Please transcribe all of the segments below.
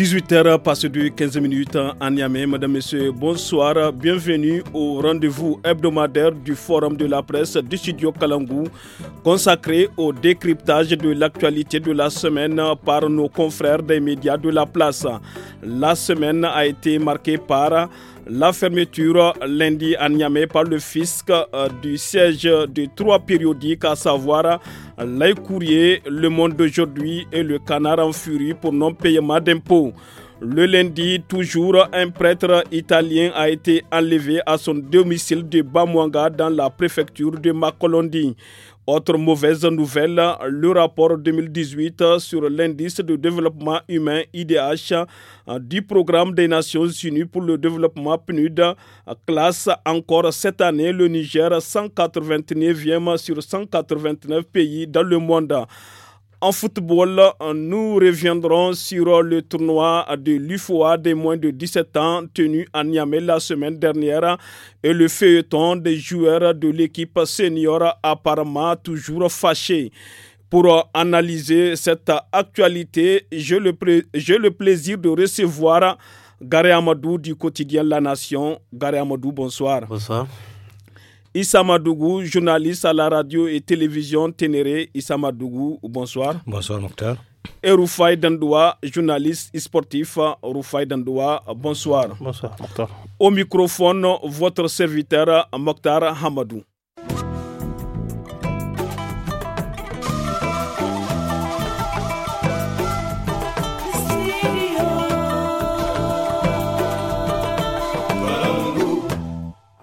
18h passé de 15 minutes à Niamey. Madame, Messieurs, bonsoir. Bienvenue au rendez-vous hebdomadaire du Forum de la presse du studio Kalangou consacré au décryptage de l'actualité de la semaine par nos confrères des médias de la place. La semaine a été marquée par la fermeture lundi à Niamey par le fisc euh, du siège de trois périodiques, à savoir le courrier, Le Monde d'aujourd'hui et Le Canard en furie pour non-paiement d'impôts. Le lundi, toujours, un prêtre italien a été enlevé à son domicile de Bamwanga dans la préfecture de Makolondi. Autre mauvaise nouvelle, le rapport 2018 sur l'indice de développement humain IDH du programme des Nations Unies pour le développement PNUD classe encore cette année le Niger 189e sur 189 pays dans le monde. En football, nous reviendrons sur le tournoi de l'UFOA des moins de 17 ans tenu à Niamey la semaine dernière et le feuilleton des joueurs de l'équipe senior apparemment toujours fâché. Pour analyser cette actualité, j'ai le, plaisir de recevoir Gary Amadou du quotidien La Nation. Gare Amadou, bonsoir. Bonsoir. Issa journaliste à la radio et télévision Ténéré. Issa bonsoir. Bonsoir Mokhtar. Et Roufaï Dandoua, journaliste sportif. Roufaï Dandoua, bonsoir. Bonsoir docteur Au microphone, votre serviteur Mokhtar Hamadou.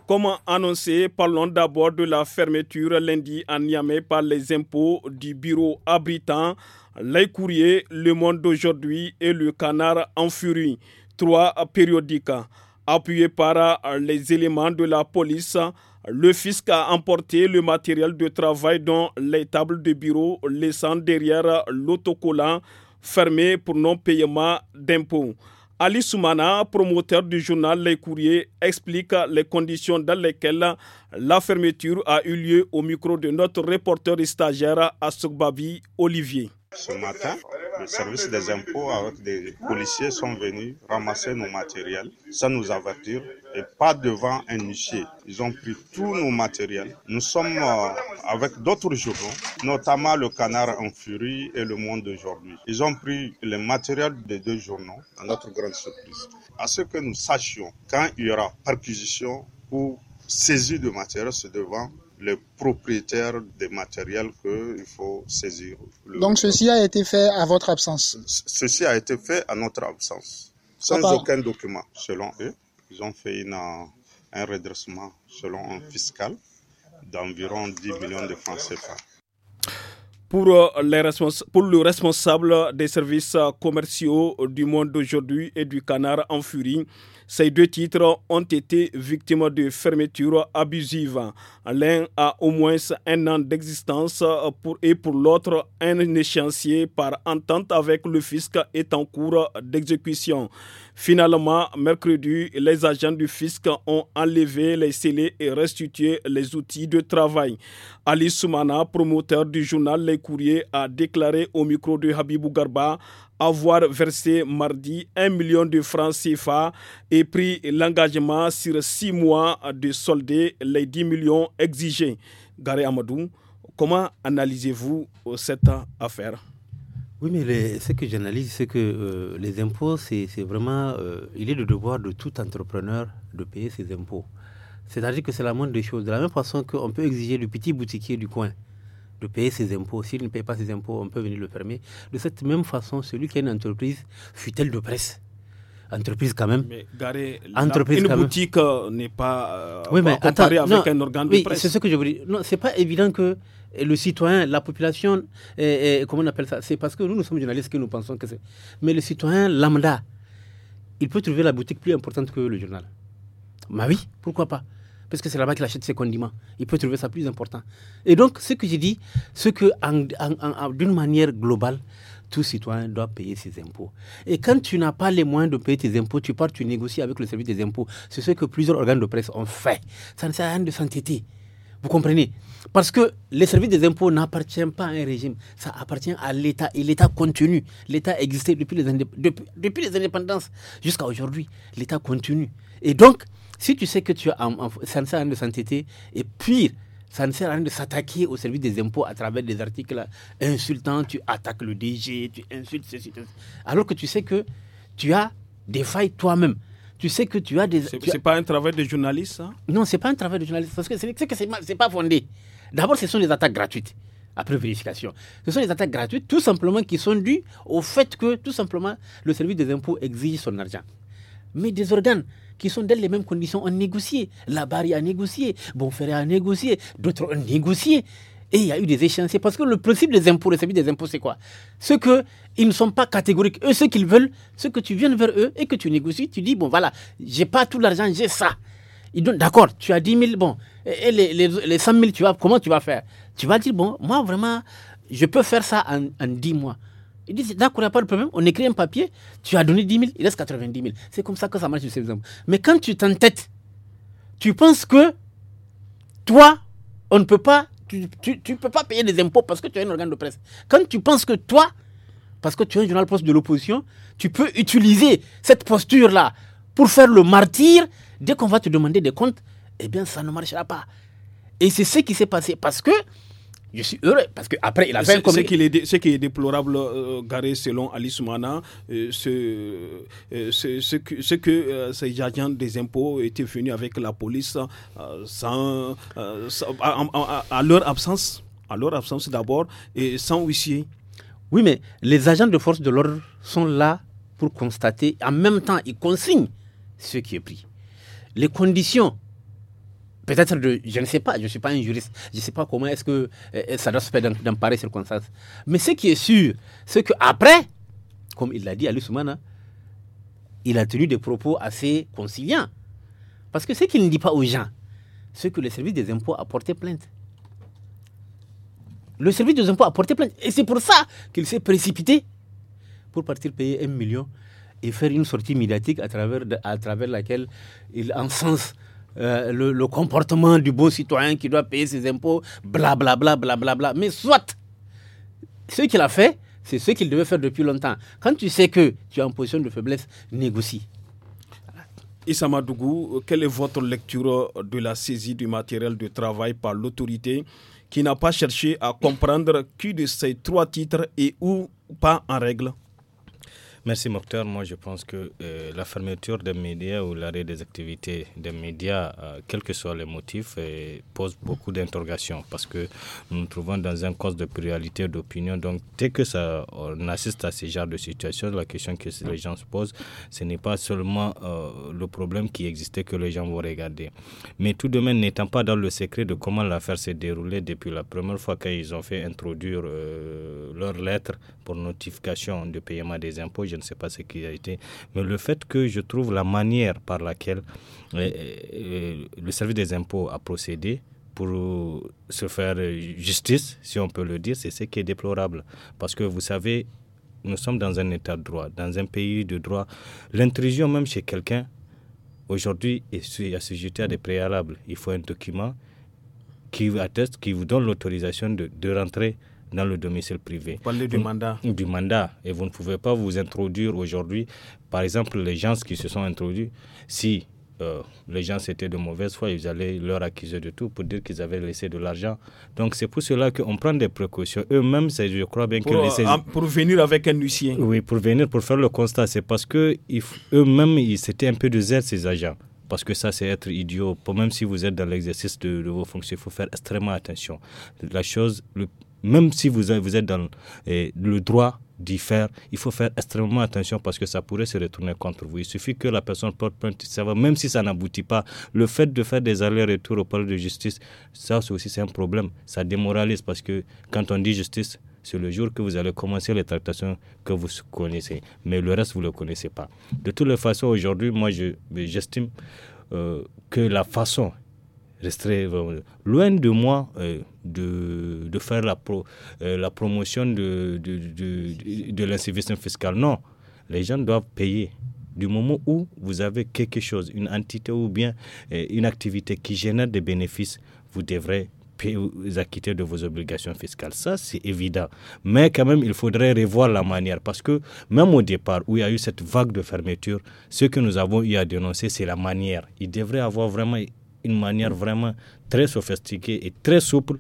Comme annoncé, parlons d'abord de la fermeture lundi à Niamey par les impôts du bureau abritant les courriers, le monde d'aujourd'hui et le canard en furie. Trois périodiques. Appuyés par les éléments de la police, le fisc a emporté le matériel de travail dans les tables de bureau, laissant derrière l'autocollant fermé pour non-paiement d'impôts. Ali Soumana, promoteur du journal Les Courriers, explique les conditions dans lesquelles la fermeture a eu lieu au micro de notre reporter et stagiaire Sokbabi, Olivier le service des impôts avec des policiers sont venus ramasser nos matériels sans nous avertir et pas devant un huissier. Ils ont pris tous nos matériels. Nous sommes euh, avec d'autres journaux, notamment le Canard en furie et le Monde d'aujourd'hui. Ils ont pris les matériel des deux journaux, à notre grande surprise. À ce que nous sachions, quand il y aura perquisition ou saisie de matériel, c'est devant les propriétaires des matériels qu'il faut saisir. Donc ceci a été fait à votre absence Ceci a été fait à notre absence, sans ah, aucun document, selon eux. Ils ont fait un redressement, selon un fiscal, d'environ 10 millions de francs CFA. Pour, euh, les pour, le responsable des services euh, commerciaux du monde d'aujourd'hui et du canard en furie, ces deux titres ont été victimes de fermetures abusives. L'un a au moins un an d'existence pour, et pour l'autre un échéancier par entente avec le fisc est en cours d'exécution. Finalement, mercredi, les agents du fisc ont enlevé les scellés et restitué les outils de travail. Ali Soumana, promoteur du journal Les Courriers, a déclaré au micro de Habibou Garba avoir versé mardi 1 million de francs CFA et pris l'engagement sur six mois de solder les 10 millions exigés. Gary Amadou, comment analysez-vous euh, cette affaire oui, mais ce que j'analyse, c'est que euh, les impôts, c'est vraiment, euh, il est le devoir de tout entrepreneur de payer ses impôts. C'est-à-dire que c'est la moindre des choses. De la même façon qu'on peut exiger du petit boutiquier du coin de payer ses impôts. S'il ne paye pas ses impôts, on peut venir le fermer. De cette même façon, celui qui a une entreprise, fut-elle de presse, entreprise quand même. entreprise la, une boutique euh, n'est pas euh, comparée avec un organe de oui, presse. C'est ce que je veux dire. Non, c'est pas évident que le citoyen, la population, euh, comment on appelle ça C'est parce que nous, nous sommes journalistes que nous pensons que c'est. Mais le citoyen lambda, il peut trouver la boutique plus importante que le journal. Mais bah oui, pourquoi pas parce que c'est là-bas qu'il achète ses condiments. Il peut trouver ça plus important. Et donc, ce que j'ai dit, c'est que d'une manière globale, tout citoyen doit payer ses impôts. Et quand tu n'as pas les moyens de payer tes impôts, tu pars, tu négocies avec le service des impôts. C'est ce que plusieurs organes de presse ont fait. Ça ne sert à rien de s'entêter. Vous comprenez Parce que le service des impôts n'appartient pas à un régime, ça appartient à l'État. Et l'État continue. L'État existait depuis les, depuis les indépendances jusqu'à aujourd'hui. L'État continue. Et donc, si tu sais que tu as, ça ne sert à rien de s'entêter, et pire, ça ne sert à rien de s'attaquer au service des impôts à travers des articles insultants, tu attaques le DG, tu insultes ceci, Alors que tu sais que tu as des failles toi-même. Tu sais que tu as des. C'est pas un travail de journaliste, ça Non, c'est pas un travail de journaliste, parce que c'est pas fondé. D'abord, ce sont des attaques gratuites après vérification. Ce sont des attaques gratuites, tout simplement, qui sont dues au fait que, tout simplement, le service des impôts exige son argent. Mais des organes qui sont dans les mêmes conditions ont négocié. La barre a négocié, Bonferré a négocié, d'autres ont négocié. Et il y a eu des échéanciers. Parce que le principe des impôts, le service des impôts, c'est quoi que qu'ils ne sont pas catégoriques. Eux, ce qu'ils veulent, c'est que tu viens vers eux et que tu négocies. Tu dis, bon, voilà, je n'ai pas tout l'argent, j'ai ça. Ils donnent, d'accord, tu as 10 000, bon, et les, 100 000, tu vas, comment tu vas faire Tu vas dire, bon, moi, vraiment, je peux faire ça en, en 10 mois. Il dit, d'accord, il n'y a pas de problème, on écrit un papier, tu as donné 10 000, il reste 90 000. C'est comme ça que ça marche, je sais Mais quand tu t'entêtes, tu penses que toi, on ne peut pas, tu ne peux pas payer des impôts parce que tu es un organe de presse. Quand tu penses que toi, parce que tu es un journal poste de l'opposition, tu peux utiliser cette posture-là pour faire le martyr. Dès qu'on va te demander des comptes, eh bien, ça ne marchera pas. Et c'est ce qui s'est passé parce que je suis heureux parce qu'après, il a fait un Ce, qui est, ce qui est déplorable, euh, Garé, selon Alice Mana, euh, c'est euh, ce, ce, que, que ces agents des impôts étaient venus avec la police sans, à, à, leur absence, à leur absence d'abord, et sans huissier. Oui, mais les agents de force de l'ordre sont là pour constater, en même temps, ils consignent ce qui est pris. Les conditions peut-être, je ne sais pas, je ne suis pas un juriste, je ne sais pas comment est-ce que euh, ça doit se faire dans, pareilles circonstances. Mais ce qui est sûr, c'est qu'après, comme il l'a dit à Soumana, il a tenu des propos assez conciliants. Parce que ce qu'il ne dit pas aux gens, c'est que le service des impôts a porté plainte. Le service des impôts a porté plainte. Et c'est pour ça qu'il s'est précipité pour partir payer un million et faire une sortie médiatique à travers, à travers laquelle il encense euh, le, comportement du bon citoyen qui doit payer ses impôts, blablabla, bla, bla, bla, Mais soit, ce qu'il a fait, c'est ce qu'il devait faire depuis longtemps. Quand tu sais que tu es en position de faiblesse, négocie. Issa Madougou, quelle est votre lecture de la saisie du matériel de travail par l'autorité qui n'a pas cherché à comprendre qui de ces trois titres est ou pas en règle Merci docteur. Moi, je pense que euh, la fermeture des médias ou l'arrêt des activités des médias, quel euh, quels que soit les motifs, euh, pose beaucoup d'interrogations parce que nous nous trouvons dans un cause de pluralité d'opinion. Donc, dès que ça, on assiste à ce genre de situation, la question que les gens se posent, ce n'est pas seulement le problème qui existait que les gens vont regarder. Mais tout de même, n'étant pas dans le secret de comment l'affaire s'est déroulée depuis la première fois qu'ils ont fait introduire leur lettre pour notification de paiement des impôts, ne sais pas ce qui a été, mais le fait que je trouve la manière par laquelle euh, euh, euh, le service des impôts a procédé, pour se faire justice, si on peut le dire, c'est ce qui est déplorable. Parce que vous savez, nous sommes dans un état de droit, dans un pays de droit. L'intrusion même chez quelqu'un, aujourd'hui, est assujettie à des préalables. Il faut un document qui vous atteste, qui vous donne l'autorisation de rentrer dans le domicile privé. Vous parlez du mandat. Du mandat. Et vous ne pouvez pas vous introduire aujourd'hui. Par exemple, les gens qui se sont introduits, si euh, les gens étaient de mauvaise foi, ils allaient leur accuser de tout pour dire qu'ils avaient laissé de l'argent. Donc c'est pour cela qu'on prend des précautions. Eux-mêmes, je crois bien que... Euh, pour venir avec un huissier. Oui, pour venir, pour faire le constat. C'est parce qu'eux-mêmes, ils s'étaient un peu de zèle, ces agents. Parce que ça, c'est être idiot. Même si vous êtes dans l'exercice de, vos fonctions, il faut faire extrêmement attention. La chose, le, même si vous, êtes dans le droit d'y faire, il faut faire extrêmement attention parce que ça pourrait se retourner contre vous. Il suffit que la personne porte plainte, ça va, même si ça n'aboutit pas. Le fait de faire des allers-retours au palais de justice, ça aussi c'est un problème. Ça démoralise parce que quand on dit justice, c'est le jour que vous allez commencer les tractations que vous connaissez. Mais le reste, vous ne le connaissez pas. De toutes les façons, aujourd'hui, moi, j'estime je, euh, que la façon resterai euh, loin de moi euh, de, faire la, pro, euh, la promotion de, de, de, de Non, les gens doivent payer. Du moment où vous avez quelque chose, une entité ou bien une activité qui génère des bénéfices, vous devrez vous acquitter de vos obligations fiscales. Ça, c'est évident. Mais quand même, il faudrait revoir la manière parce que même au départ où il y a eu cette vague de fermeture, ce que nous avons eu à dénoncer, c'est la manière. Il devrait avoir vraiment une manière vraiment très sophistiquée et très souple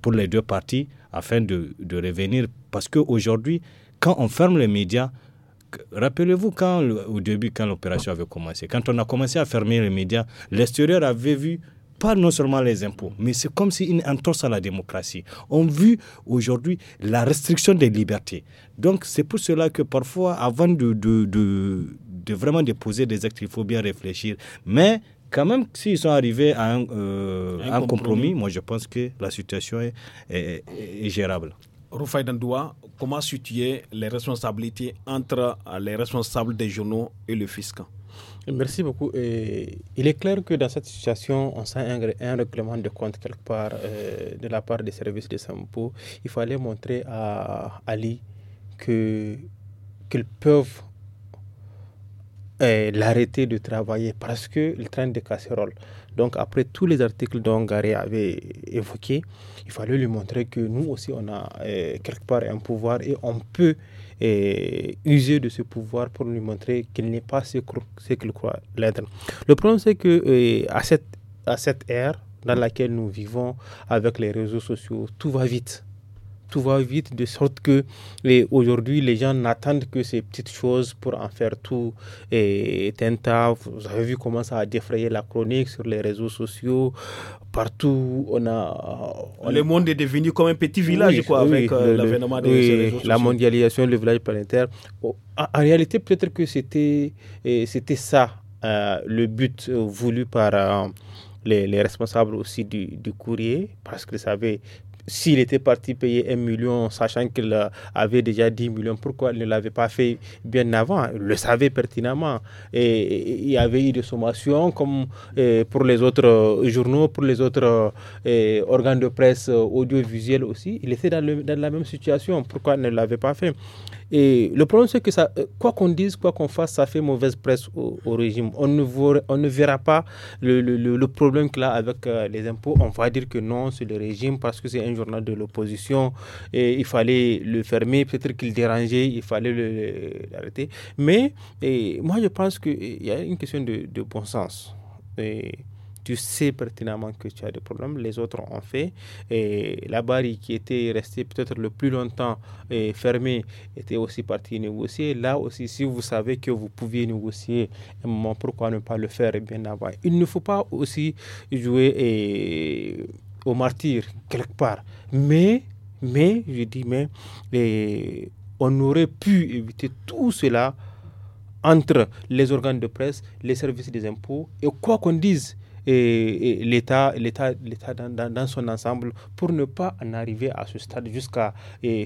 pour les deux parties afin de, de revenir. Parce qu'aujourd'hui, quand on ferme les médias, rappelez-vous quand au début, quand l'opération avait commencé, quand on a commencé à fermer les médias, l'extérieur avait vu pas non seulement les impôts, mais c'est comme si une entorse à la démocratie. On vu aujourd'hui la restriction des libertés. Donc c'est pour cela que parfois, avant de, de, de, de vraiment déposer des actes, il faut bien réfléchir. Mais quand même, s'ils sont arrivés à un, euh, compromis. moi je pense que la situation est, gérable. Rufai Dandoua, comment situer les responsabilités entre les responsables des journaux et le fisc Merci beaucoup. il est clair que dans cette situation, on sent un, règlement de compte quelque part euh, de la part des services de impôts. Il fallait montrer à Ali que qu'ils peuvent euh, l'arrêter de travailler parce que le train de casserole. Donc après tous les articles dont Garé avait évoqué, il fallait lui montrer que nous aussi on a euh, quelque part un pouvoir et on peut euh, user de ce pouvoir pour lui montrer qu'il n'est pas ce, ce qu'il croit l'être. Le problème c'est que à cette à cette ère dans laquelle nous vivons avec les réseaux sociaux, tout va vite tout va vite, de sorte que les aujourd'hui, les gens n'attendent que ces petites choses pour en faire tout et, Vous avez vu comment ça a défrayé la chronique sur les réseaux sociaux. Partout, on a. Euh, le monde est devenu comme un petit village, quoi, avec euh, l'avènement des réseaux sociaux. La mondialisation, le village planétaire. en, réalité, peut-être que c'était c'était ça, euh, le but voulu par. les, responsables aussi du, du courrier, parce que qu'ils savaient s'il était parti payer un million, sachant qu'il avait déjà 10 millions, pourquoi ne l'avait pas fait bien avant hein? Il le savait pertinemment. Et il y avait eu des sommations, comme euh, pour les autres euh, journaux, pour les autres euh, organes de presse audiovisuels aussi. Il était dans, la même situation. Pourquoi ne l'avait pas fait et le problème, c'est que ça, euh, quoi qu'on dise, quoi qu'on fasse, ça fait mauvaise presse au, régime. On ne, on ne verra pas le, le, le problème qu'il a avec euh, les impôts. On va dire que non, c'est le régime parce que c'est un journal de l'opposition et il fallait le fermer. Peut-être qu'il dérangeait, il fallait l'arrêter. Mais moi, je pense qu'il y a une question de, de bon sens. Et tu sais pertinemment que tu as des problèmes, les autres ont fait. Et la barrière qui était restée peut-être le plus longtemps eh, fermée était aussi partie négocier. Là aussi, si vous savez que vous pouviez négocier un eh, moment, pourquoi ne pas le faire et bien avant Il ne faut pas aussi jouer et, eh, au martyr quelque part. Mais, mais, je dis, mais, on aurait pu éviter tout cela entre les organes de presse, les services des impôts et quoi qu'on dise, et, l'État dans, dans, son ensemble pour ne pas en arriver à ce stade jusqu'à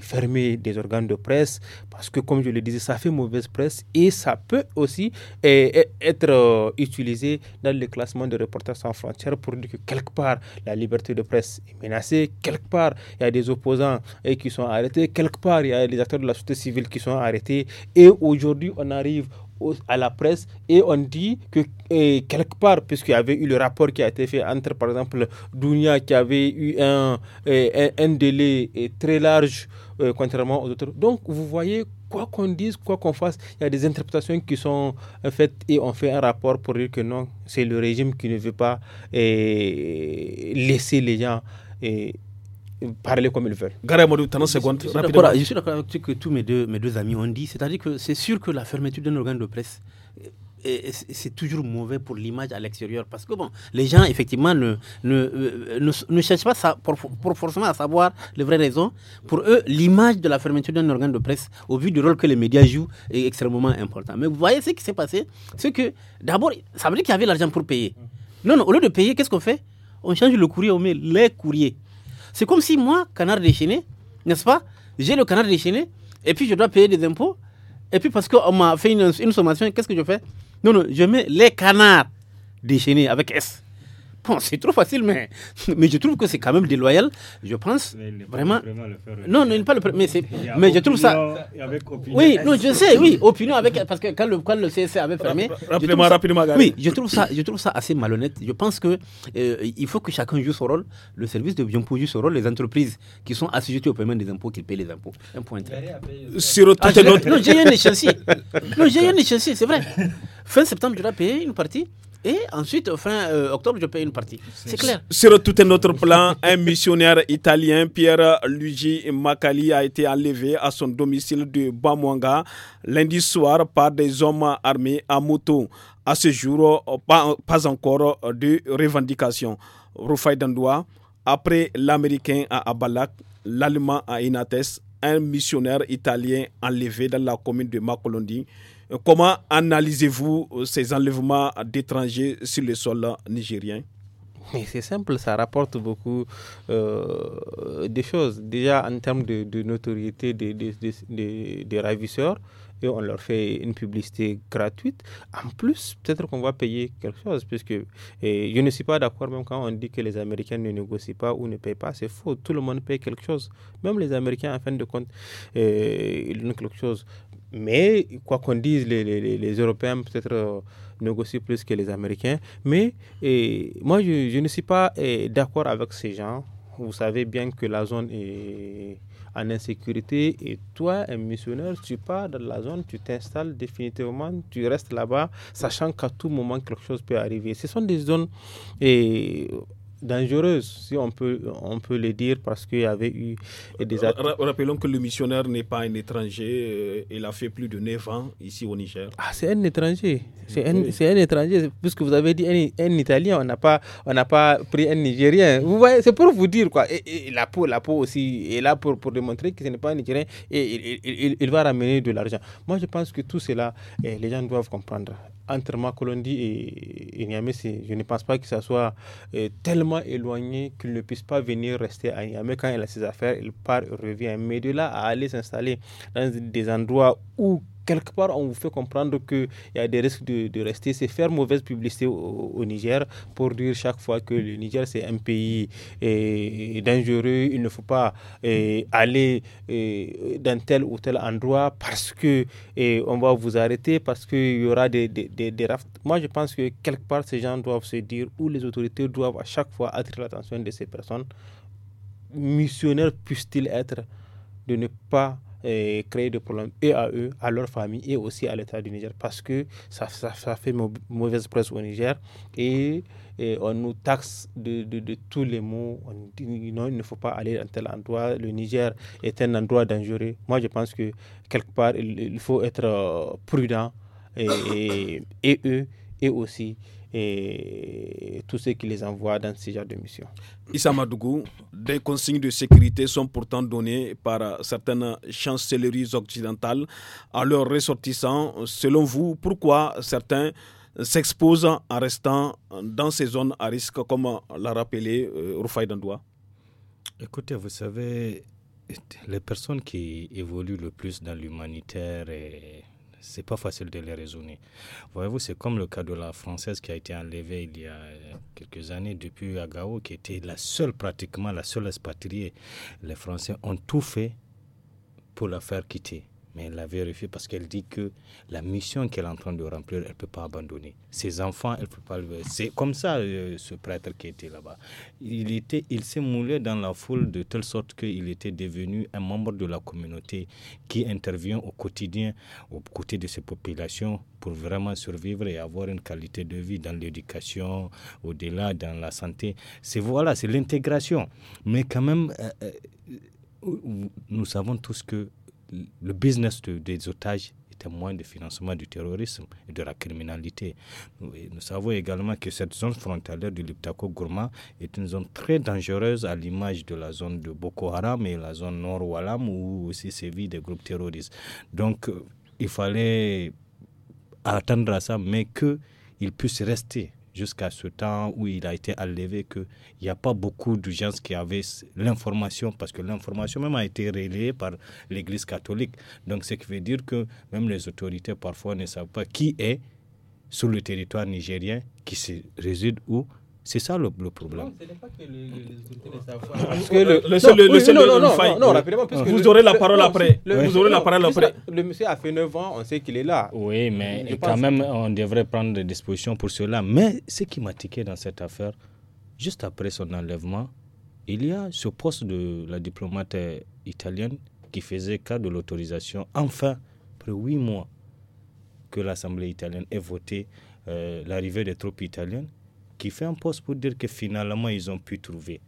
fermer des organes de presse parce que comme je le disais ça fait mauvaise presse et ça peut aussi être euh, utilisé dans le classement de Reporters sans frontières pour dire que quelque part la liberté de presse est menacée, quelque part il y a des opposants et qui sont arrêtés, quelque part il y a des acteurs de la société civile qui sont arrêtés et aujourd'hui on arrive à la presse et on dit que euh, quelque part, puisqu'il y avait eu le rapport qui a été fait entre, par exemple, Dounia qui avait eu un, euh, un, délai euh, très large contrairement aux autres. Donc, vous voyez, quoi qu'on dise, quoi qu'on fasse, il y a des interprétations qui sont faites et on fait un rapport pour dire que non, c'est le régime qui ne veut pas laisser les gens. Et parler comme ils veulent. Gare Je suis d'accord avec ce que tous mes deux, mes deux amis ont dit. C'est-à-dire que c'est sûr que la fermeture d'un organe de presse c'est toujours mauvais pour l'image à l'extérieur parce que bon, les gens effectivement ne, ne, euh, ne, cherchent pas ça pour, forcément à savoir les vraies raisons. Pour eux, l'image de la fermeture d'un organe de presse, au vu du rôle que les médias jouent, est extrêmement important. Mais vous voyez ce qui s'est passé, c'est que d'abord, ça veut dire qu'il y avait l'argent pour payer. Non, non, au lieu de payer, qu'est-ce qu'on fait On change le courrier, on met les courriers. C'est comme si moi, canard déchaîné, n'est-ce pas J'ai le canard déchaîné et puis je dois payer des impôts. Et puis parce qu'on m'a fait une, une sommation, qu'est-ce que je fais Non, non, je mets les canards déchaînés avec S. Bon, c'est trop facile, mais, mais je trouve que c'est quand même déloyal. Je pense vraiment. Non, non, pas le Mais, mais je trouve ça. oui, je sais, oui, opinion avec. Parce que quand le, quand le avait fermé. Rapidement, rapidement, rapidement, Oui, je trouve, ça, je trouve ça assez malhonnête. Je pense que euh, il faut que chacun joue son rôle. Le service de Biompo joue son rôle. Les entreprises qui sont assujetties au paiement des impôts, qu'ils payent les impôts. Un point. Sur ah, tout Non, j'ai un échéancier. Non, j'ai un échéancier, c'est vrai. Fin septembre, tu dois payer une partie. Et ensuite, fin euh, octobre, je paye une partie. C'est clair. Sur tout un autre plan, un missionnaire italien, Pierre Luigi Macali, a été enlevé à son domicile de Bamwanga lundi soir par des hommes armés à moto. À ce jour, pas, encore de revendication. Rufai Dandoua, après l'américain à Abalak, l'allemand à Inates, un missionnaire italien enlevé dans la commune de Makolondi euh, comment analysez-vous euh, ces enlèvements d'étrangers sur le sol euh, nigérien c'est simple, ça rapporte beaucoup de des choses. Déjà en termes de, notoriété des, ravisseurs, et on leur fait une publicité gratuite. En plus, peut-être qu'on va payer quelque chose, puisque et je ne suis pas d'accord même quand on dit que les Américains ne négocient pas ou ne payent pas. C'est faux, tout le monde paye quelque chose. Même les Américains, en fin de compte, ils donnent quelque chose. Mais quoi qu'on dise, les, les, les Européens peut-être euh, négocient plus que les Américains. Mais moi, je, ne suis pas d'accord avec ces gens. Vous savez bien que la zone est en insécurité et toi, un missionnaire, tu pars dans la zone, tu t'installes définitivement, tu restes là-bas, sachant qu'à tout moment quelque chose peut arriver. Ce sont des zones et dangereuse, si on peut, on peut le dire, parce qu'il y avait eu des attaques. Rappelons que le missionnaire n'est pas un étranger, euh, il a fait plus de 9 ans ici au Niger. Ah, c'est un étranger, c'est un, un, étranger, puisque vous avez dit un, Italien, on n'a pas, on pas pris un Nigérien. Vous voyez, c'est pour vous dire, quoi. Et, la peau, la peau aussi est là pour, pour démontrer que ce n'est pas un Nigérien et il, il, il, va ramener de l'argent. Moi, je pense que tout cela, eh, les gens doivent comprendre entre Makolondi et, et Niamey, je ne pense pas que ça soit euh, tellement éloigné qu'il ne puisse pas venir rester à Niamey. Quand il a ses affaires, il part, et revient. Mais de là à aller s'installer dans des endroits où quelque part, on vous fait comprendre qu'il y a des risques de, rester. C'est faire mauvaise publicité au, Niger pour dire chaque fois que le Niger, c'est un pays eh, dangereux. Il ne faut pas eh, aller eh, dans tel ou tel endroit parce qu'on va vous arrêter, parce qu'il y aura des, des, des rafts. Moi, je pense que quelque part, ces gens doivent se dire, ou les autorités doivent à chaque fois attirer l'attention de ces personnes. Missionnaires puissent-ils être de ne pas et créer des problèmes et à eux, à leur famille et aussi à l'État du Niger parce que ça, ça, fait mauvaise presse au Niger et, on nous taxe de, de, tous les mots. On dit non, il ne faut pas aller dans tel endroit. Le Niger est un endroit dangereux. Moi, je pense que quelque part, il, faut être euh, prudent et, et, et eux et aussi et tous ceux qui les envoient dans ce genre de mission. Issa des consignes de sécurité sont pourtant données par certaines chancelleries occidentales à leurs ressortissants. Selon vous, pourquoi certains s'exposent en restant dans ces zones à risque, comme l'a rappelé euh, Rufai Dandoua Écoutez, vous savez, les personnes qui évoluent le plus dans l'humanitaire et c'est pas facile de les raisonner. Voyez-vous, c'est comme le cas de la française qui a été enlevée il y a euh, quelques années depuis Agao, qui était la seule, pratiquement la seule expatriée. Les Français ont tout fait pour la faire quitter mais elle l'a vérifié parce qu'elle dit que la mission qu'elle est en train de remplir, elle ne peut pas abandonner. Ses enfants, elle peut pas C'est comme ça, euh, ce prêtre qui était là-bas. Il, était, il s'est moulé dans la foule de telle sorte qu'il était devenu un membre de la communauté qui intervient au quotidien aux côtés de ces populations pour vraiment survivre et avoir une qualité de vie dans l'éducation, au-delà, dans la santé. C'est voilà, c'est l'intégration. Mais quand même, euh, euh, nous savons tous que le business des otages est moins de financement du terrorisme et de la criminalité. Nous, nous savons également que cette zone frontalière du Liptako-Gourma est une zone très dangereuse à l'image de la zone de Boko Haram et la zone Nord-Walam où aussi sévit des groupes terroristes. Donc euh, il fallait attendre à ça, mais qu'ils puissent rester jusqu'à ce temps où il a été enlevé qu'il n'y a pas beaucoup de gens qui avaient l'information, parce que l'information même a été relayée par l'Église catholique. Donc, ce qui veut dire que même les autorités parfois ne savent pas qui est sur le territoire nigérien, qui se réside où, c'est ça le, problème. Non, ce n'est pas que les, autorités le savoir. Parce le, non, non, non, vous aurez la parole après. vous aurez la parole après. Le monsieur a fait 9 ans, on sait qu'il est là. Oui, mais quand même, on devrait prendre des dispositions pour cela. Mais ce qui m'a tiqué dans cette affaire, juste après son enlèvement, il y a ce poste de la diplomate italienne qui faisait cas de l'autorisation, enfin, après huit mois que l'Assemblée italienne ait voté euh, l'arrivée des troupes italiennes qui fait un poste pour dire que finalement, ils ont pu trouver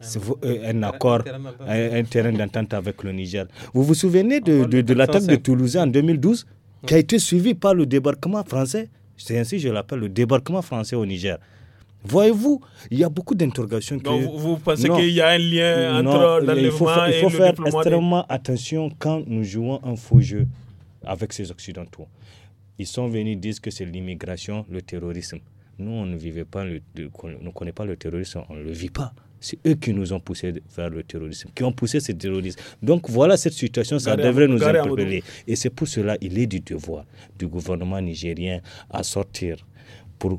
ah euh, un accord, un, terrain d'entente avec le Niger. Vous vous souvenez de, de, l'attaque de Toulouse en 2012, qui a été suivie par le débarquement français C'est ainsi que je l'appelle, le débarquement français au Niger. Voyez-vous, il y a beaucoup d'interrogations. Que... Vous, vous, pensez qu'il y a un lien entre l'enlèvement et Il faut, il faut faire extrêmement attention quand nous jouons un faux jeu avec ces Occidentaux. Ils sont venus dire que c'est l'immigration, le terrorisme. Nous, on ne vivait pas, le, connaît pas le terrorisme, on ne le vit pas. C'est eux qui nous ont poussé vers le terrorisme, qui ont poussé ce terrorisme. Donc voilà cette situation, ça devrait nous interpeller. Et c'est pour cela il est du devoir du gouvernement nigérien à sortir pour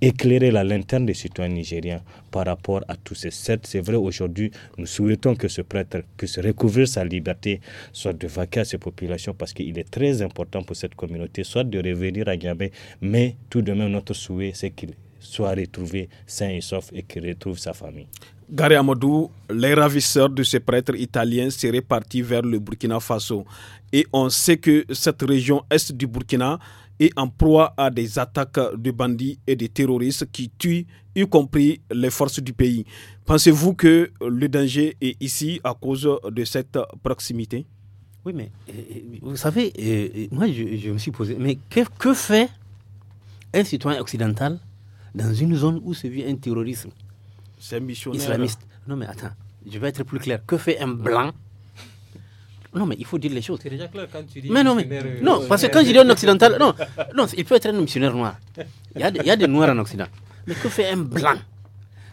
éclairer la lanterne des citoyens nigériens par rapport à tous ces sept. C'est vrai, aujourd'hui, nous souhaitons que ce prêtre puisse recouvrir sa liberté, soit de vaquer à ses populations, parce qu'il est très important pour cette communauté, soit de revenir à Gambé, mais tout de même, notre souhait, c'est qu'il soit retrouvé sain et sauf et qu'il retrouve sa famille. Gary Amadou, les ravisseurs de ce prêtre italien seraient partis vers le Burkina Faso. Et on sait que cette région est du Burkina et en proie à des attaques de bandits et de terroristes qui tuent, y compris les forces du pays. Pensez-vous que le danger est ici à cause de cette proximité Oui, mais euh, euh, vous savez, euh, moi je, me suis posé, mais que, fait un citoyen occidental dans une zone où se vit un terrorisme C'est un Islamiste. Non, mais attends, je vais être plus clair. Que fait un blanc non, mais il faut dire les choses. C'est déjà clair quand tu dis. Mais non, mais, euh, non parce que quand je dis un occidental, non, non, il peut être un missionnaire noir. Il y, a, des noirs en Occident. Mais que fait un blanc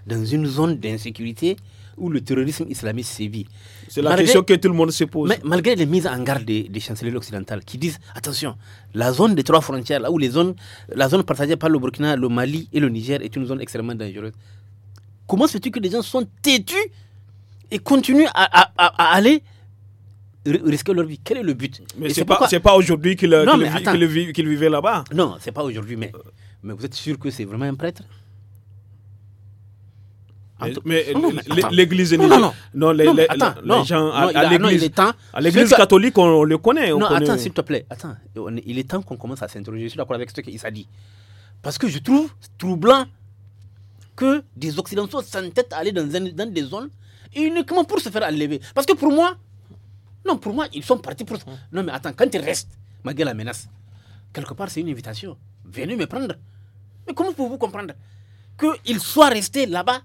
dans une zone d'insécurité où le terrorisme islamiste sévit C'est la question que tout le monde se pose. Mais, malgré les mises en garde des, chanceliers occidentaux qui disent attention, la zone des trois frontières, là où les zones, la zone partagée par le Burkina, le Mali et le Niger est une zone extrêmement dangereuse. Comment se fait-il que les gens sont têtus et continuent à aller risquer leur vie. Quel est le but Mais c'est pas, pas aujourd'hui qu'il vivait là-bas. Non, ce n'est pas aujourd'hui, mais, mais vous êtes sûr que c'est vraiment un prêtre mais, oh, l'église non, non, non, les, gens à, l'église catholique on, le connaît non attends s'il te plaît attends il est temps qu'on commence à s'interroger je suis d'accord avec ce qu'il s'est dit parce que je trouve troublant que des occidentaux s'entêtent à aller dans, des zones uniquement pour se faire enlever parce que pour moi non, pour moi, ils sont partis pour ça. Hein. Non, mais attends, quand ils restent, malgré la menace, quelque part, c'est une invitation. Venez me prendre. Mais comment pouvez-vous comprendre qu'ils soient restés là-bas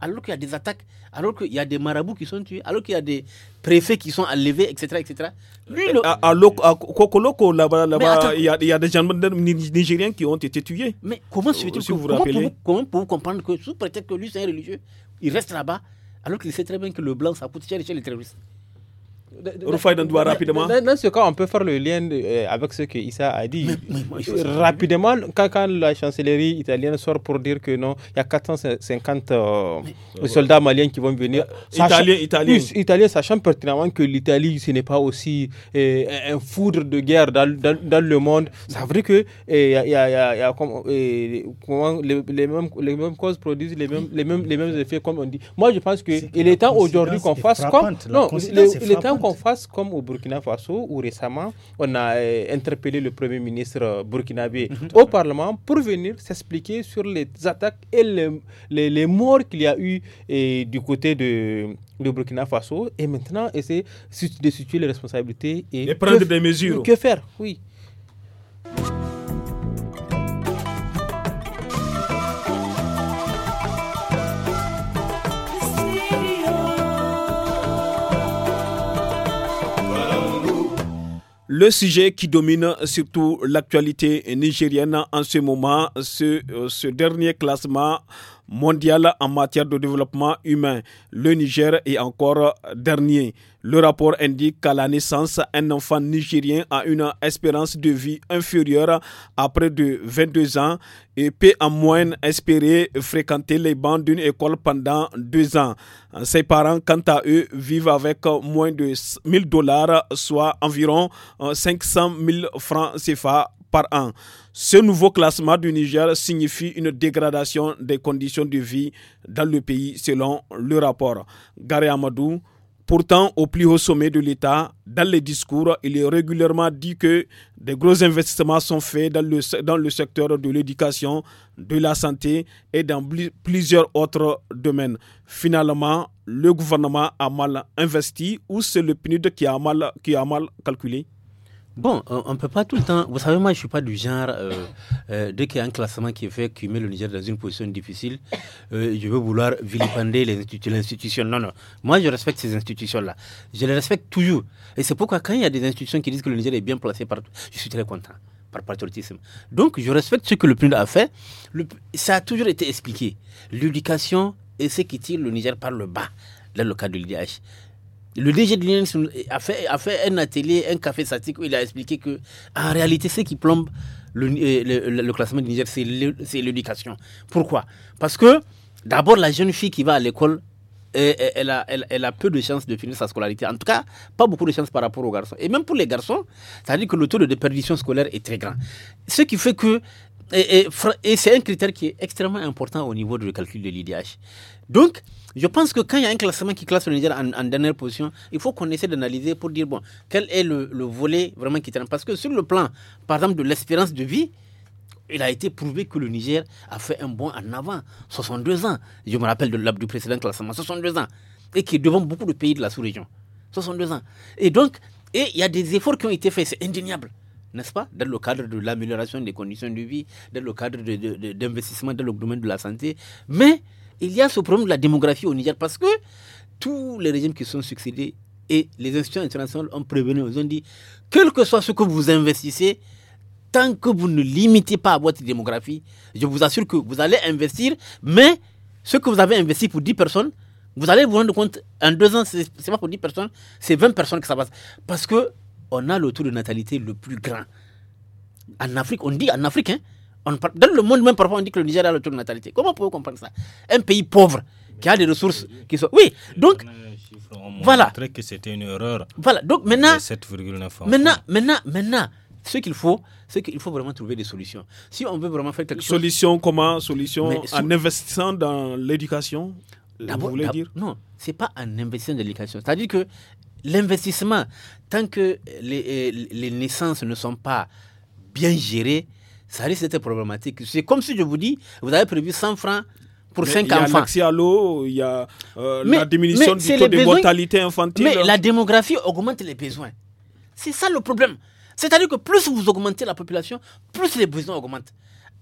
alors qu'il y a des attaques, alors qu'il y a des marabouts qui sont tués, alors qu'il y a des préfets qui sont enlevés, etc. etc. Euh, à, là-bas, il, y, a, des gens nigériens qui ont été tués. Mais comment euh, vous pouvez-vous comprendre que sous prétexte que lui, c'est un religieux, il reste là-bas alors qu'il sait très bien que le blanc, ça coûte cher les terroristes on doit rapidement. Dans ce cas, on peut faire le lien euh, avec ce que Issa a dit. rapidement, quand, la chancellerie italienne sort pour dire que non, il y a 450 euh, euh, soldats maliens qui vont venir. Italien, italien. italien, sachant pertinemment que l'Italie, ce n'est pas aussi un foudre de guerre dans, dans, le monde. Ça vrai que il les, mêmes, les mêmes causes produisent les mêmes, les, mêmes, les mêmes effets, comme on dit. Moi, je pense qu'il est temps aujourd'hui qu'on fasse comme. Non, il est temps qu'on fasse comme au Burkina Faso, où récemment, on a euh, interpellé le Premier ministre euh, burkinabé au Parlement pour venir s'expliquer sur les attaques et les, morts qu'il y a eu du côté de, Burkina Faso. Et maintenant, essayer de situer les responsabilités et, prendre des mesures. Que faire, oui. Le sujet qui domine surtout l'actualité nigérienne en ce moment, c'est euh, ce dernier classement mondial en matière de développement humain. Le Niger est encore dernier. Le rapport indique qu'à la naissance, un enfant nigérien a une espérance de vie inférieure à près de 22 ans et peut en moins espérer fréquenter les bancs d'une école pendant deux ans. Ses parents, quant à eux, vivent avec moins de 1000 dollars, soit environ 500 euh, 000 francs CFA par an. Ce nouveau classement du Niger signifie une dégradation des conditions de vie dans le pays selon le rapport. Gary Amadou, Pourtant, au plus haut sommet de l'État, dans les discours, il est régulièrement dit que des gros investissements sont faits dans le, dans le secteur de l'éducation, de la santé et dans plusieurs autres domaines. Finalement, le gouvernement a mal investi ou c'est le PNUD qui a mal, qui a mal calculé Bon, on euh, ne peut pas tout le temps. Vous savez, moi, je ne suis pas du genre, euh, euh, dès qu'il y a un classement qui est fait, qui met le Niger dans une position difficile, je veux vouloir vilipender l'institution. Non, non. Moi, je respecte ces institutions-là. Je les respecte toujours. Et c'est pourquoi, quand il y a des institutions qui disent que le Niger est bien placé partout, je suis très content par patriotisme. Donc, je respecte ce que le PNUD a fait. ça a toujours été expliqué. L'éducation est ce qui tire le Niger par le bas, dans le cas de l'IDH. Le DG de l'Union a fait, a fait un atelier, un café statique où il a expliqué que, en réalité, ce qui plombe euh, le, le, classement du Niger, c'est l'éducation. Pourquoi Parce que, d'abord, la jeune fille qui va à l'école, euh, euh, elle, a, elle, a, peu de chances de finir sa scolarité. En tout cas, pas beaucoup de chances par rapport aux garçons. Et même pour les garçons, ça veut dire que le taux de déperdition scolaire est très grand. Ce qui fait que et, c'est un critère qui est extrêmement important au niveau du calcul de l'IDH. Donc, je pense que quand il y a un classement qui classe le Niger en, dernière position, il faut qu'on essaie d'analyser pour dire, bon, quel est le, volet vraiment qui traîne. Parce que sur le plan, par exemple, de l'espérance de vie, il a été prouvé que le Niger a fait un bond en avant, 62 ans. Je me rappelle de, du précédent classement, 62 ans. Et qui est devant beaucoup de pays de la sous-région. 62 ans. Et donc, et il y a des efforts qui ont été faits, c'est indéniable n'est-ce pas Dans le cadre de l'amélioration des conditions de vie, dans le cadre d'investissement de, dans le domaine de la santé. Mais il y a ce problème de la démographie au Niger parce que tous les régimes qui sont succédés et les institutions internationales ont prévenu, ils ont dit, quel que soit ce que vous investissez, tant que vous ne limitez pas votre démographie, je vous assure que vous allez investir, mais ce que vous avez investi pour 10 personnes, vous allez vous rendre compte, en deux ans, c'est pas pour 10 personnes, c'est 20 personnes que ça passe. Parce que on a le taux de natalité le plus grand. En Afrique, on dit en Afrique, hein, on, dans le monde même parfois on dit que le Niger a le taux de natalité. Comment pouvez-vous comprendre ça Un pays pauvre qui a des ressources qui sont. Oui, donc. Voilà. que c'était une erreur. Voilà. Donc maintenant, maintenant, maintenant, maintenant, ce qu'il faut, c'est qu'il faut vraiment trouver des solutions. Si on veut vraiment faire quelque chose. Solution comment Solution en investissant dans l'éducation. Vous voulez dire Non, c'est pas en investissant dans l'éducation. C'est-à-dire que l'investissement. Tant que euh, les, naissances ne sont pas bien gérées, ça risque d'être problématique. C'est comme si je vous dis, vous avez prévu 100 francs pour 5 enfants. Il y a l'accès à l'eau, il y a euh, la diminution du taux de mortalité infantile. Mais la démographie augmente les besoins. C'est ça le problème. C'est-à-dire que plus vous augmentez la population, plus les besoins augmentent.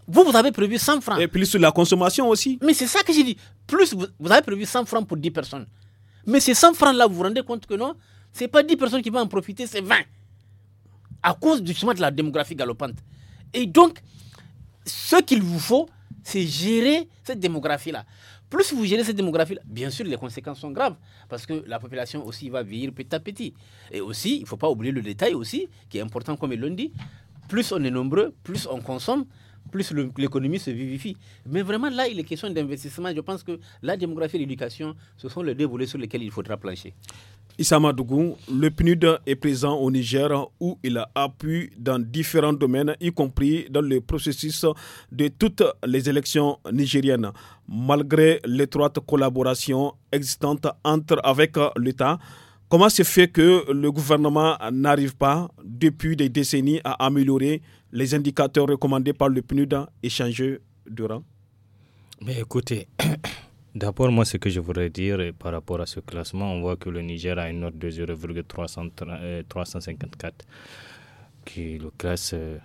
Vous, vous avez prévu 100 francs. Et plus sur la consommation aussi. Mais c'est ça que j'ai dit. Plus vous, vous, avez prévu 100 francs pour 10 personnes. Mais ces 100 francs-là, vous vous rendez compte que non, ce n'est pas 10 personnes qui vont en profiter, c'est 20. À cause du chemin de la démographie galopante. Et donc, ce qu'il vous faut, c'est gérer cette démographie-là. Plus vous gérez cette démographie-là, bien sûr, les conséquences sont graves, parce que la population aussi va vieillir petit à petit. Et aussi, il ne faut pas oublier le détail aussi, qui est important comme ils l'ont dit, plus on est nombreux, plus on consomme, plus l'économie se vivifie. Mais vraiment, là, il est question d'investissement. Je pense que la démographie et l'éducation, ce sont les deux volets sur lesquels il faudra plancher. Madougou, le PNUD est présent au Niger où il a appuie dans différents domaines, y compris dans le processus de toutes les élections nigériennes. Malgré l'étroite collaboration existante entre, avec l'État, comment se fait que le gouvernement n'arrive pas, depuis des décennies, à améliorer les indicateurs recommandés par le PNUD échangé durant Mais écoutez, D'abord, moi, ce que je voudrais dire par rapport à ce classement, on voit que le Niger a une note de 0,354 euh, qui le classe euh,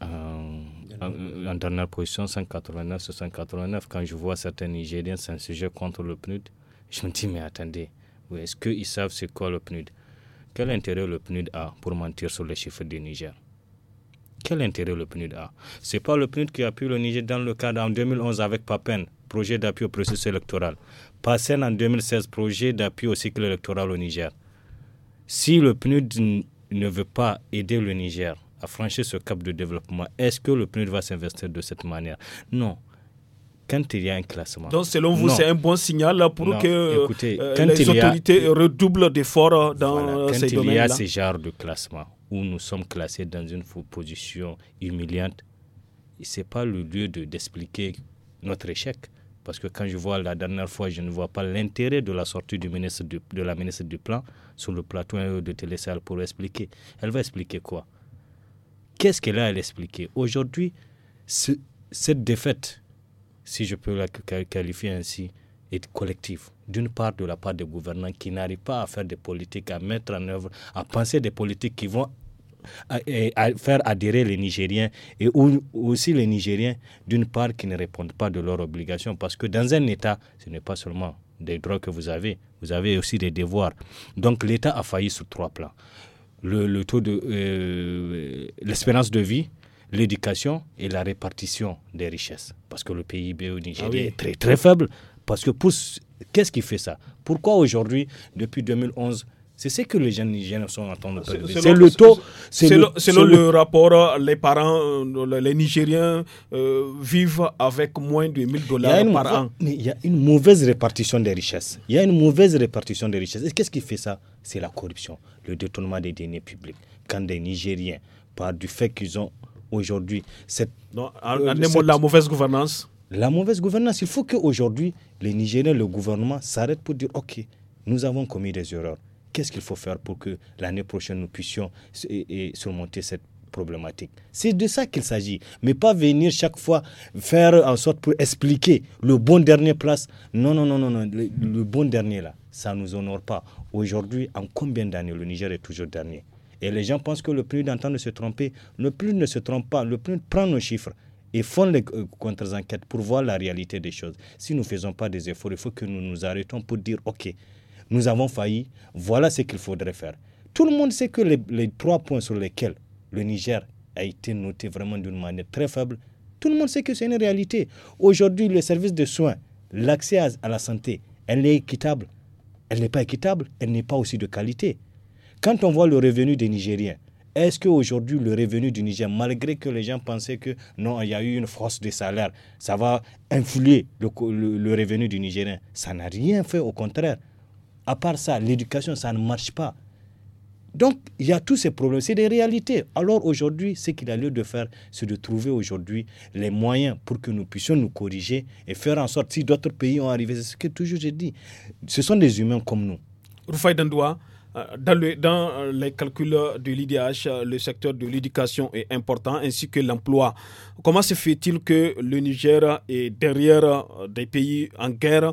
en, dernière position, 189 sur 189. Quand je vois certains Nigériens s'insurger contre le PNUD, je me dis, mais attendez, est-ce qu'ils savent c'est quoi le PNUD Quel intérêt le PNUD a pour mentir sur les chiffres du Niger Quel intérêt le PNUD a Ce n'est pas le PNUD qui a pu le Niger dans le cadre en 2011 avec Papen projet d'appui au processus électoral. passé en 2016, projet d'appui au cycle électoral au Niger. Si le PNUD ne veut pas aider le Niger à franchir ce cap de développement, est-ce que le PNUD va s'investir de cette manière Non. Quand il y a un classement. Donc, selon vous, c'est un bon signal pour que euh, euh, les autorités redoublent d'efforts euh, dans ces domaines-là. Quand il y a ce genre de classement où nous sommes classés dans une position humiliante, ce n'est pas le lieu d'expliquer notre échec. Parce que quand je vois la dernière fois, je ne vois pas l'intérêt de la sortie de la ministre du Plan sur le plateau de Télé Télé-Salle pour expliquer. Elle va expliquer quoi Qu'est-ce qu'elle a à expliquer Aujourd'hui, cette défaite, si je peux la qualifier ainsi, est collective. D'une part, de la part des gouvernants qui n'arrivent pas à faire des politiques, à mettre en œuvre, à penser des politiques qui vont et à faire adhérer les Nigériens et aussi les Nigériens, d'une part, qui ne répondent pas de leurs obligations. Parce que dans un État, ce n'est pas seulement des droits que vous avez, vous avez aussi des devoirs. Donc l'État a failli sur trois plans. Le, taux de euh, l'espérance de vie, l'éducation et la répartition des richesses. Parce que le PIB au Nigeria ah est très très faible. Parce que pour qu'est-ce qui fait ça Pourquoi aujourd'hui, depuis 2011, c'est ce que les jeunes Nigériens sont en train de C'est le taux. Selon, le, rapport, les parents, euh, les Nigériens euh, vivent avec moins de 1000 dollars par an. Mais il y a une mauvaise répartition des richesses. Il y a une mauvaise répartition des richesses. Et qu'est-ce qui fait ça C'est la corruption, le détournement des deniers publics. Quand des Nigériens, par du fait qu'ils ont aujourd'hui cette. Euh, la mauvaise gouvernance La mauvaise gouvernance. Il faut qu'aujourd'hui, les Nigériens, le gouvernement s'arrête pour dire OK, nous avons commis des erreurs qu'est-ce qu'il faut faire pour que l'année prochaine nous puissions surmonter cette problématique. C'est de ça qu'il s'agit. Mais pas venir chaque fois faire en sorte pour expliquer le bon dernier place. Non, non, non, non, non. Le, bon dernier là, ça ne nous honore pas. Aujourd'hui, en combien d'années le Niger est toujours dernier Et les gens pensent que le plus d'entendre se tromper, le plus ne se trompe pas, le plus prend nos chiffres et font les euh, contre-enquêtes pour voir la réalité des choses. Si nous ne faisons pas des efforts, il faut que nous nous arrêtons pour dire, OK, nous avons failli, voilà ce qu'il faudrait faire. Tout le monde sait que les, trois points sur lesquels le Niger a été noté vraiment d'une manière très faible, tout le monde sait que c'est une réalité. Aujourd'hui, le service de soins, l'accès à, la santé, elle est équitable. Elle n'est pas équitable, elle n'est pas aussi de qualité. Quand on voit le revenu des Nigériens, est-ce qu'aujourd'hui, le revenu du Niger, malgré que les gens pensaient que non, il y a eu une force de salaire, ça va influer le, le revenu du Nigérien, ça n'a rien fait, au contraire. À part ça, l'éducation, ça ne marche pas. Donc, il y a tous ces problèmes. C'est des réalités. Alors aujourd'hui, ce qu'il a lieu de faire, c'est de trouver aujourd'hui les moyens pour que nous puissions nous corriger et faire en sorte, si d'autres pays ont arrivé, c'est ce que toujours j'ai dit, ce sont des humains comme nous. Rufai Dandoua, euh, dans, dans, euh, les calculs de l'IDH, euh, le secteur de l'éducation est important ainsi que l'emploi. Comment se fait-il que le Niger est derrière des pays en guerre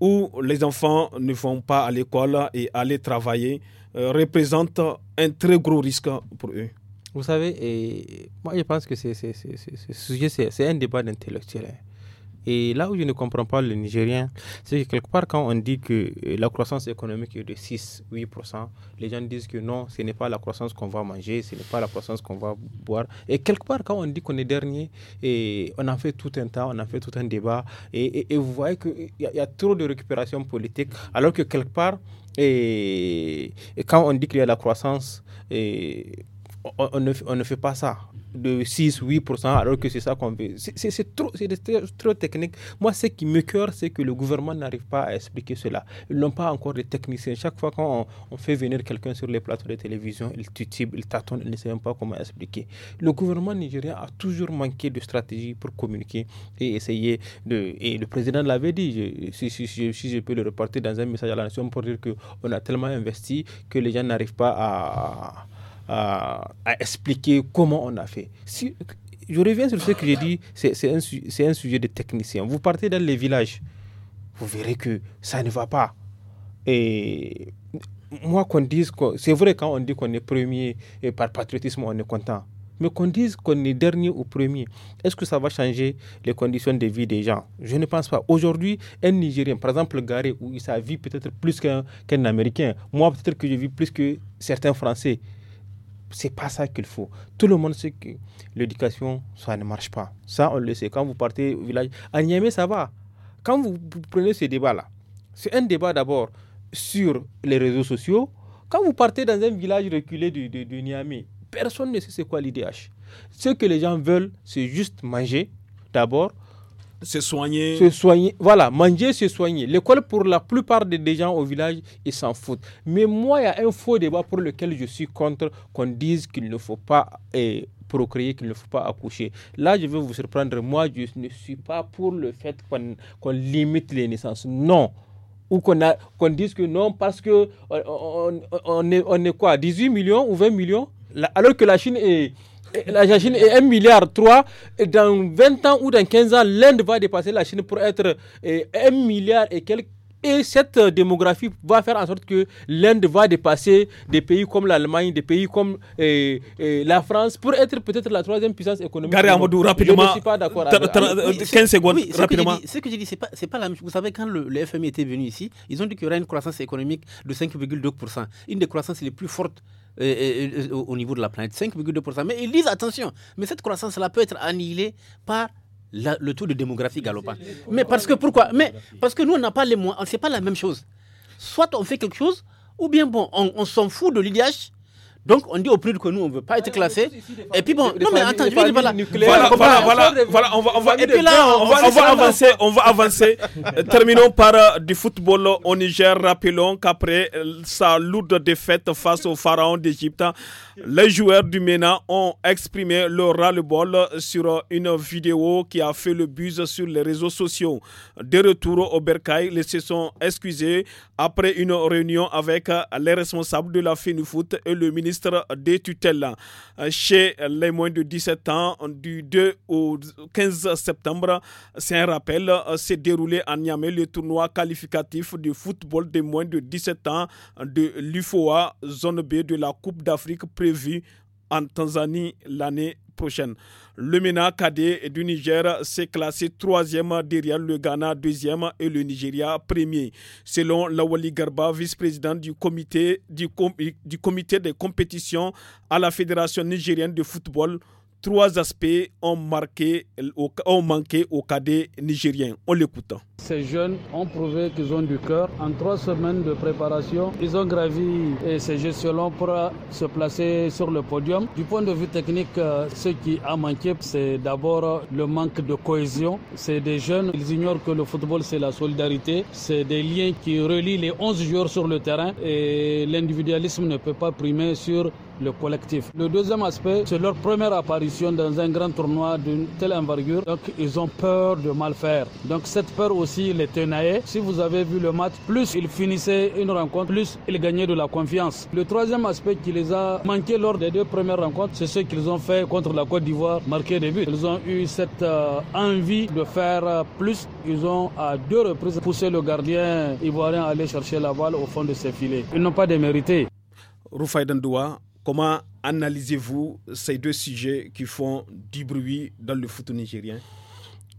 où les enfants ne vont pas à l'école et aller travailler euh, représente un très gros risque pour eux. Vous savez, moi je pense que c'est, ce sujet, c'est, un débat d'intellectuel. Hein. Et là où je ne comprends pas le Nigérien, c'est que quelque part, quand on dit que euh, la croissance économique est de 6-8%, les gens disent que non, ce n'est pas la croissance qu'on va manger, ce n'est pas la croissance qu'on va boire. Et quelque part, quand on dit qu'on est dernier, et on a fait tout un tas, on a fait tout un débat, et, et, vous voyez qu'il y, y, a trop de récupération politique, alors que quelque part, quand on dit qu'il y a la croissance, et on, ne, on, ne, fait pas ça de 6-8%, alors que c'est ça qu'on veut. C'est trop, trop, trop, technique. Moi, ce qui me cœur, c'est que le gouvernement n'arrive pas à expliquer cela. Ils n'ont pas encore de techniciens. Chaque fois qu'on on fait venir quelqu'un sur les plateaux de télévision, il tutibent, il tâtonne, ils ne sait même pas comment expliquer. Le gouvernement nigérien a toujours manqué de stratégie pour communiquer et essayer de... Et le président l'avait dit, si, si, si, si, je peux le reporter dans un message à la nation pour dire qu'on a tellement investi que les gens n'arrivent pas à euh, à, expliquer comment on a fait. Si, je reviens sur ce que j'ai dit, c'est un, un, sujet de technicien. Vous partez dans les villages, vous verrez que ça ne va pas. Et moi, qu'on dise, c'est vrai quand on dit qu'on est premier et par patriotisme, on est content. Mais qu'on dise qu'on est dernier ou premier, est-ce que ça va changer les conditions de vie des gens Je ne pense pas. Aujourd'hui, un Nigérien, par exemple, Garé, où il vit peut-être plus qu'un qu'un Américain, moi peut-être que je vis plus que certains Français c'est pas ça qu'il faut. Tout le monde sait que l'éducation, ça ne marche pas. Ça, on le sait. Quand vous partez au village, à Niamey, ça va. Quand vous prenez ce débat-là, c'est un débat d'abord sur les réseaux sociaux. Quand vous partez dans un village reculé de, de, Niamey, personne ne sait ce quoi l'IDH. Ce que les gens veulent, c'est juste manger d'abord, se soigner. Se soigner. Voilà, manger, se soigner. L'école, pour la plupart des gens au village, ils s'en foutent. Mais moi, il y a un faux débat pour lequel je suis contre qu'on dise qu'il ne faut pas eh, procréer, qu'il ne faut pas accoucher. Là, je vais vous surprendre. Moi, je ne suis pas pour le fait qu'on limite les naissances. Non ou qu'on dise que non parce que est, on est quoi 18 millions ou 20 millions alors que la Chine est, la Chine est 1 milliard 3 dans 20 ans ou dans 15 ans, l'Inde va dépasser la Chine pour être 1 eh, milliard et quelques. Et cette démographie va faire en sorte que l'Inde va dépasser des pays comme l'Allemagne, des pays comme eh, eh, la France, pour être peut-être la troisième puissance économique. Gary Amadou, rapidement. 15 euh, secondes, rapidement. ce que je dis, ce n'est pas la même chose. Vous savez, quand le, le FMI était venu ici, ils ont dit qu'il y aurait une croissance économique de 5,2%, une des croissances les plus fortes au niveau de la planète, 5,2%. Mais ils disent, attention, mais cette croissance-là peut être annihilée par le taux de démographie galopant. Mais parce que pourquoi Mais parce que nous, on n'a pas les moyens, c'est pas la même chose. Soit on fait quelque chose, ou bien bon, on, s'en fout de l'IDH, donc on dit au plus de que nous on veut pas être classé. Et puis bon, non mais attends, je dire voilà. Voilà, voilà, on va, on on, va, avancer, on va avancer. Terminons par euh, du football au Niger. Rappelons qu'après euh, sa lourde défaite face au pharaon d'Égypte, les joueurs du MENA ont exprimé leur ras-le-bol sur une vidéo qui a fait le buzz sur les réseaux sociaux. De retour au Bercail, ils se sont excusés après une réunion avec euh, les responsables de la foot et le ministre des tutelles. Euh, chez les moins de 17 ans, du 2 au 15 septembre, c'est un rappel, euh, s'est déroulé à Niamey le tournoi qualificatif de football des moins de 17 ans de l'UFOA, zone B de la Coupe d'Afrique prévue en Tanzanie l'année prochaine. Le MENA cadet du Niger s'est classé troisième derrière le Ghana deuxième et le Nigeria premier. Selon Lawali Garba, vice-président du comité, du, comité des compétitions à la Fédération nigérienne de football, trois aspects ont, manqué au cadet nigérien. On l'écoutant. Ces jeunes ont prouvé qu'ils ont du cœur. En trois semaines de préparation, ils ont gravi ces jeux pour se placer sur le podium. Du point de vue technique, euh, ce qui a manqué, c'est d'abord euh, le manque de cohésion. C'est des jeunes, ils ignorent que le football, c'est la solidarité. C'est des liens qui relient les 11 joueurs sur le terrain. Et l'individualisme ne peut pas primer sur le collectif. Le deuxième aspect, c'est leur première apparition dans un grand tournoi d'une telle envergure. Donc, ils ont peur de mal faire. Donc, cette peur aussi les tenaillait. Si vous avez vu le match, plus ils finissaient une rencontre, plus ils gagnaient de la confiance. Le troisième aspect qui les a manqué lors des deux premières rencontres, c'est ce qu'ils ont fait contre la Côte d'Ivoire, marquer des buts. Ils ont eu cette euh, envie de faire euh, plus. Ils ont à deux reprises poussé le gardien ivoirien à aller chercher la balle au fond de ses filets. Ils n'ont pas démérité. Rufai Dandoua, Comment analysez-vous ces deux sujets qui font du bruit dans le foot nigérien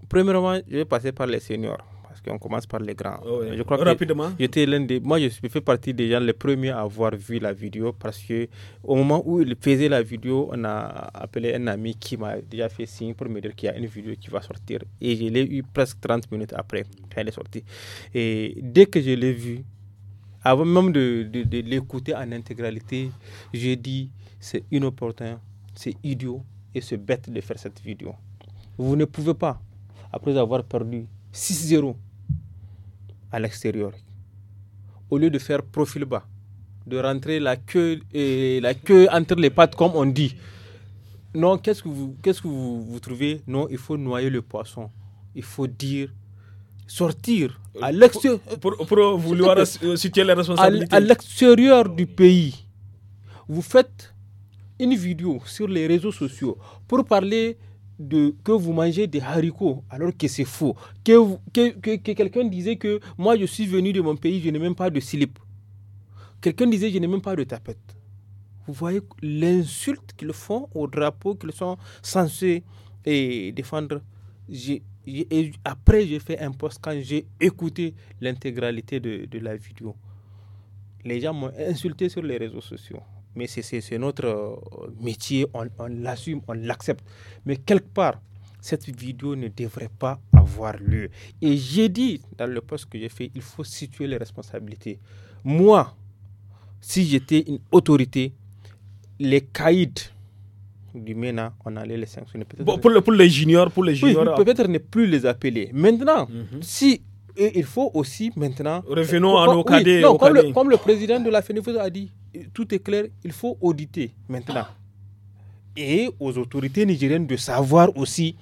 Premièrement, je vais passer par les seniors. Parce qu'on commence par les grands. Oh je crois Rapidement. j'étais l'un des, moi, je fais partie des gens les premiers à avoir vu la vidéo parce que au moment où il faisait la vidéo, on a appelé un ami qui m'a déjà fait signe pour me dire qu'il y a une vidéo qui va sortir. Et je l'ai eu presque 30 minutes après qu'elle est sortie. Et dès que je l'ai vue, avant même de, l'écouter en intégralité, j'ai dit c'est inopportun, c'est idiot et c'est bête de faire cette vidéo. Vous ne pouvez pas, après avoir perdu 6-0 à l'extérieur, au lieu de faire profil bas, de rentrer la queue, et la queue entre les pattes comme on dit. Non, qu'est-ce que, vous, qu'est-ce que vous, vous trouvez Non, il faut noyer le poisson. Il faut dire sortir euh, à l'extérieur. Pour, l'extérieur du pays, vous faites une vidéo sur les réseaux sociaux pour parler de, que vous mangez des haricots alors que c'est faux. Que, quelqu'un disait que moi je suis venu de mon pays, je n'ai même pas de slip. Quelqu'un disait je n'ai même pas de tapette. Vous voyez l'insulte qu'ils font au drapeau qu'ils sont censés eh, défendre. J'ai et après, j'ai fait un post quand j'ai écouté l'intégralité de, la vidéo. Les gens m'ont insulté sur les réseaux sociaux. Mais c'est notre euh, métier, on l'assume, on l'accepte. Mais quelque part, cette vidéo ne devrait pas avoir lieu. Et j'ai dit dans le poste que j'ai fait, il faut situer les responsabilités. Moi, si j'étais une autorité, les caïds du MENA, on allait les sanctionner. pour, les... juniors, pour les juniors. Ah. peut-être ne plus les appeler. Maintenant, mhm. si et il faut aussi maintenant. Revenons à nos comme, le, président de la FNF a dit, tout est clair, il faut auditer maintenant. Ah. Et aux autorités nigériennes de savoir aussi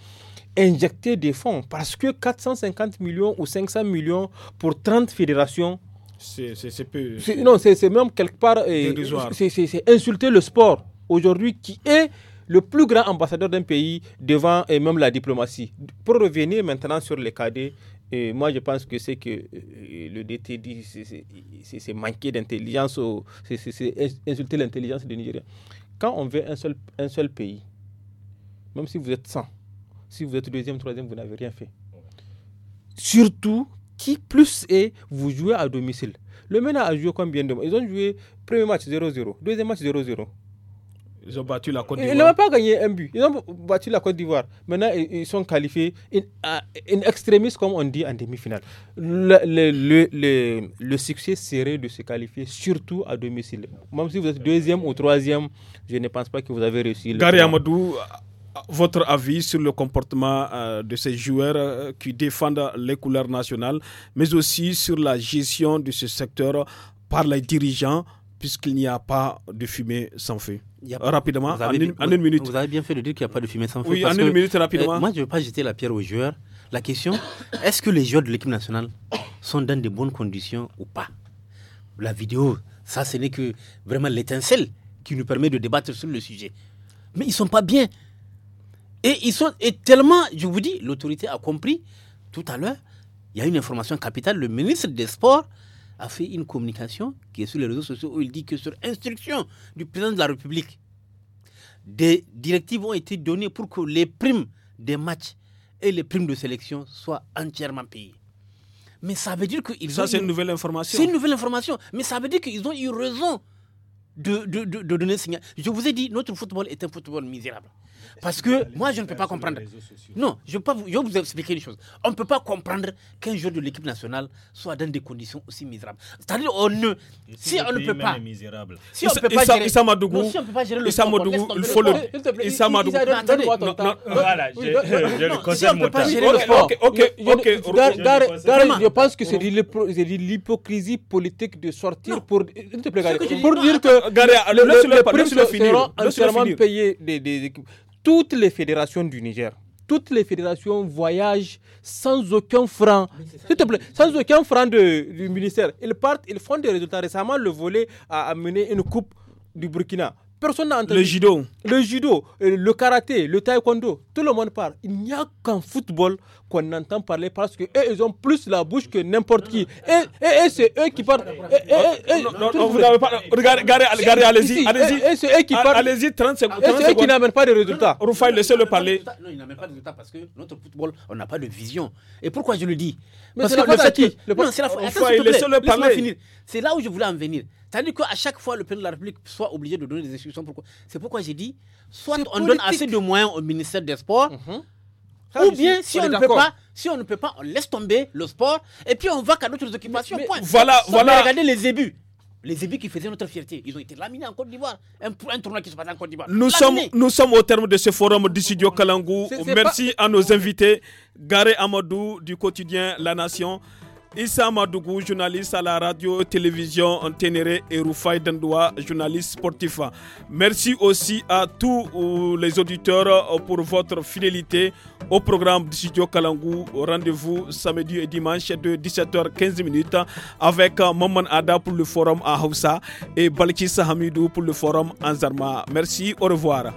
injecter des fonds. Parce que 450 millions ou 500 millions pour 30 fédérations. C'est peu. Non, c'est même quelque part. Euh, c'est insulter le sport aujourd'hui qui est le plus grand ambassadeur d'un pays devant et même la diplomatie. Pour revenir maintenant sur les cadets, et moi, je pense que c'est que euh, euh, le DT dit, c'est manquer d'intelligence, c'est insulter l'intelligence des Nigériens. Quand on veut un seul, un seul pays, même si vous êtes 100, si vous êtes deuxième, troisième, vous n'avez rien fait. Surtout, qui plus est, vous jouez à domicile. Le MENA a joué combien de matchs Ils ont joué premier match 0-0, deuxième match 0-0, ils ont battu la Côte pas gagné un but. Ils ont battu la Côte d'Ivoire. Maintenant, ils sont qualifiés in, une euh, comme on dit, en demi-finale. Le, succès serait de se qualifier surtout à domicile. Même si vous êtes deuxième ou troisième, je ne pense pas que vous avez réussi. Gary Amadou, votre avis sur le comportement euh, de ces joueurs euh, qui défendent les couleurs nationales, mais aussi sur la gestion de ce secteur par les dirigeants, puisqu'il n'y a pas de fumée sans feu rapidement, en, une, minute. Vous avez bien fait de dire qu'il n'y a pas de fumée sans feu. Oui, en une minute, euh, rapidement. moi, je ne veux pas jeter la pierre aux joueurs. La question, est-ce que les joueurs de l'équipe nationale sont dans de bonnes conditions ou pas La vidéo, ça, ce n'est que vraiment l'étincelle qui nous permet de débattre sur le sujet. Mais ils ne sont pas bien. Et ils sont et tellement, je vous dis, l'autorité a compris tout à l'heure, il y a une information capitale, le ministre des Sports a fait une communication qui est sur les réseaux sociaux où il dit que sur instruction du président de la République, des directives ont été données pour que les primes des matchs et les primes de sélection soient entièrement payées. Mais ça veut dire qu'ils ont. Ça, c'est une nouvelle information. C'est une nouvelle information. Mais ça veut dire qu'ils ont eu raison de, de donner ce signal. Je vous ai dit, notre football est un football misérable. Parce que moi, je ne peux pas comprendre. Non, je, peux vous, vais vous expliquer une chose. On ne peut pas comprendre qu'un joueur de l'équipe nationale soit dans des conditions aussi misérables. C'est-à-dire, on ne, si on ne peut pas. Si on ne peut pas gérer. s'en va de goût. il faut le. Issa Madougou. Voilà, je Si on ne peut pas gérer le sport. Ok, ok, ok. Je pense que c'est l'hypocrisie politique de sortir pour. S'il te plaît, Pour dire que. Gare, le prix sera entièrement payé des équipes toutes les fédérations du Niger, toutes les fédérations voyagent sans aucun franc, s'il te plaît, sans aucun franc du ministère. Ils partent, ils font des résultats. Récemment, le volet a amené une coupe du Burkina. Personne n'a entendu. Le judo. Le judo, euh, le karaté, le taekwondo, tout le monde part. Il n'y a qu'un football on entend parler parce que eux, eh, ils ont plus la bouche que n'importe qui. Et, eh, et, eh, c'est eux qui parlent. Regardez, allez-y. Allez-y. c'est eux qui ah, parlent. 30 secondes. Et c'est eux qui n'amènent pas de résultats. Rufai, laissez-le parler. Non, il n'amène pas de résultats parce que notre football, on n'a pas de vision. Et pourquoi je le dis Parce que c'est laissez-le parler. C'est là où je voulais en venir. C'est-à-dire qu'à chaque fois, le président de la République soit obligé de donner des instructions. Pourquoi C'est pourquoi j'ai dit soit on donne assez de moyens au ministère des Sports, mhm. Ou bien, si on, ne peut pas, si on ne peut pas, on laisse tomber le sport et puis on va qu'à d'autres occupations. point. Voilà, voilà. Regardez les ébus. Les ébus qui faisaient notre fierté, ils ont été laminés en Côte d'Ivoire. Un, tournoi qui se passe en Côte d'Ivoire. Nous sommes, nous sommes au terme de ce forum d'Issidio Kalangu. Merci à nos invités. Garé Amadou du quotidien La Nation. Issa Madougou, journaliste à la radio, télévision en Ténéré et Rufai Dandoua, journaliste sportif. Merci aussi à tous euh, les auditeurs euh, pour votre fidélité au programme du studio Kalangou. Rendez-vous samedi et dimanche de 17h15 avec euh, Maman Ada pour le forum à Hausa et Balkis Hamidou pour le forum en Zarma. Merci, au revoir.